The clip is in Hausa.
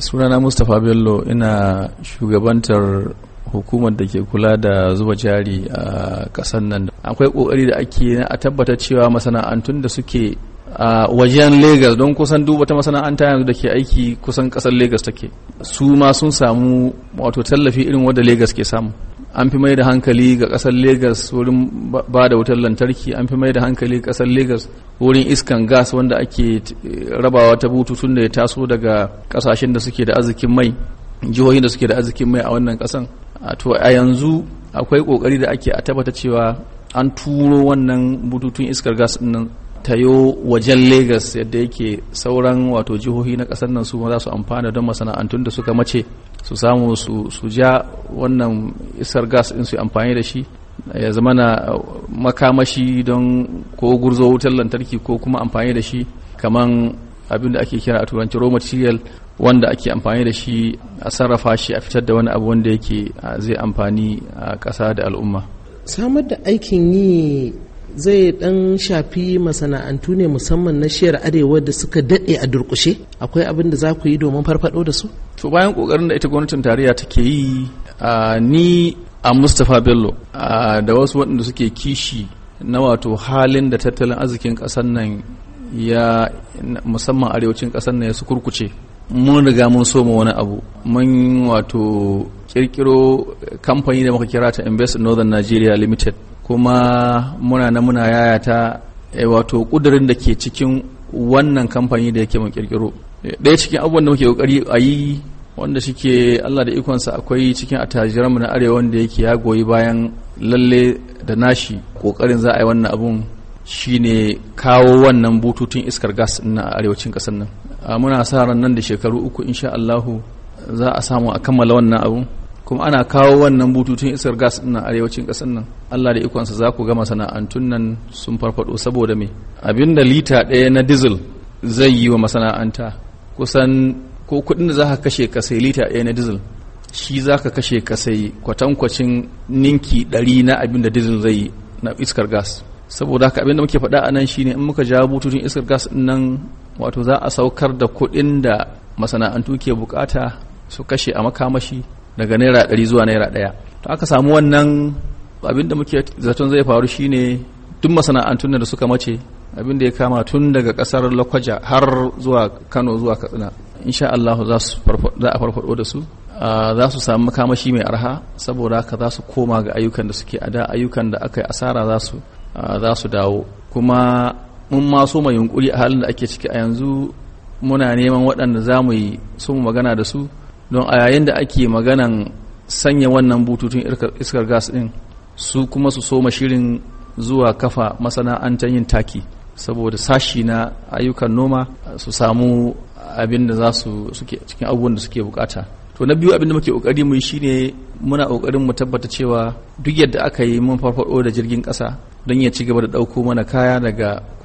sunana mustapha bello ina shugabantar hukumar da ke kula da zuba jari a kasan nan akwai kokari da ake na a tabbatar cewa masana'antun da suke a wajen lagos don kusan duba ta masana'anta yanzu da ke aiki kusan kasar lagos take su ma sun samu wato tallafi irin wanda lagos ke samu an fi mai da hankali ga kasar lagos wurin ba da wutar lantarki an fi mai da hankali ga kasar lagos wurin iskan gas wanda ake eh, rabawa ta bututun da ya taso daga ƙasashen da suke da arzikin mai jihohin da suke da arzikin mai a wannan ƙasan to a yanzu akwai ƙoƙari da ake a tabbata cewa an turo wannan bututun iskar gas nan tayo wajen Legas yadda yake sauran wato jihohi na kasar nan su ma za su amfana don masana'antun da suka mace su samu su ja wannan isar gas in su amfani da shi ya zama na uh, makamashi don ko gurzo wutar lantarki ko kuma amfani da shi kaman abin da ake kira a turanci raw material wanda ake amfani da shi a sarrafa shi a fitar da wani abu wanda yake uh, zai amfani a ƙasa da al'umma samar da aikin yi zai dan shafi masana'antu ne musamman na shiyar arewa da suka daɗe a durkushe akwai abin da za ku yi domin farfado da su to bayan kokarin da ita gwamnatin tarayya take yi ni a mustapha bello da wasu waɗanda suke kishi na wato halin da tattalin arzikin ƙasar nan ya musamman arewacin ƙasar nan ya su kurkuce mun riga mun soma wani abu mun wato kirkiro kamfani da muka kira ta invest in northern nigeria limited kuma muna na muna yayata e, wato kudurin da ke cikin wannan kamfani da yake mun kirkiro eh, ɗaya cikin abubuwan da muke kokari a yi wanda shike Allah da ikonsa akwai cikin attajiranmu na arewa wanda yake ya goyi bayan lalle da nashi kokarin za a yi wannan abun shine kawo wannan bututun iskar gas na arewacin kasar nan ah, muna sa ran nan da shekaru uku insha Allahu za a samu a kammala wannan abun kuma ana kawo wannan bututun iskar gas din arewacin kasar nan Allah da ikonsa za ku ga masana'antun nan sun farfado saboda me abinda lita ɗaya na diesel zai yi wa masana'anta kusan ko kuɗin da za ka kashe ka sai lita ɗaya na diesel shi za ka kashe ka sai kwatankwacin ninki ɗari na abinda diesel zai yi na iskar gas saboda haka da muke faɗa a nan shine in muka jawo bututun iskar gas nan wato za a saukar da kuɗin da masana'antu ke bukata su kashe a makamashi daga naira ɗari zuwa naira ɗaya to aka samu wannan abin da muke zaton zai faru shine duk masana'antun da suka mace abin da ya kama tun daga kasar lokwaja har zuwa kano zuwa katsina insha Allah za a farfado da su za su samu makamashi mai arha saboda haka za su koma ga ayyukan da suke a da ayyukan da aka yi asara za su dawo kuma mun ma mai yunkuri a halin da ake ciki a yanzu muna neman waɗanda za mu yi su magana da su don a yayin da ake maganan sanya wannan bututun iskar gas din su kuma su soma shirin zuwa kafa masana'antar yin taki saboda sashi na ayyukan noma su samu abin da za su suke cikin abubuwan da suke bukata to na biyu abin da muke kokari mu shine muna kokarin mu tabbata cewa duk yadda aka yi mun farfado da jirgin kasa don ya ci gaba da dauko mana kaya daga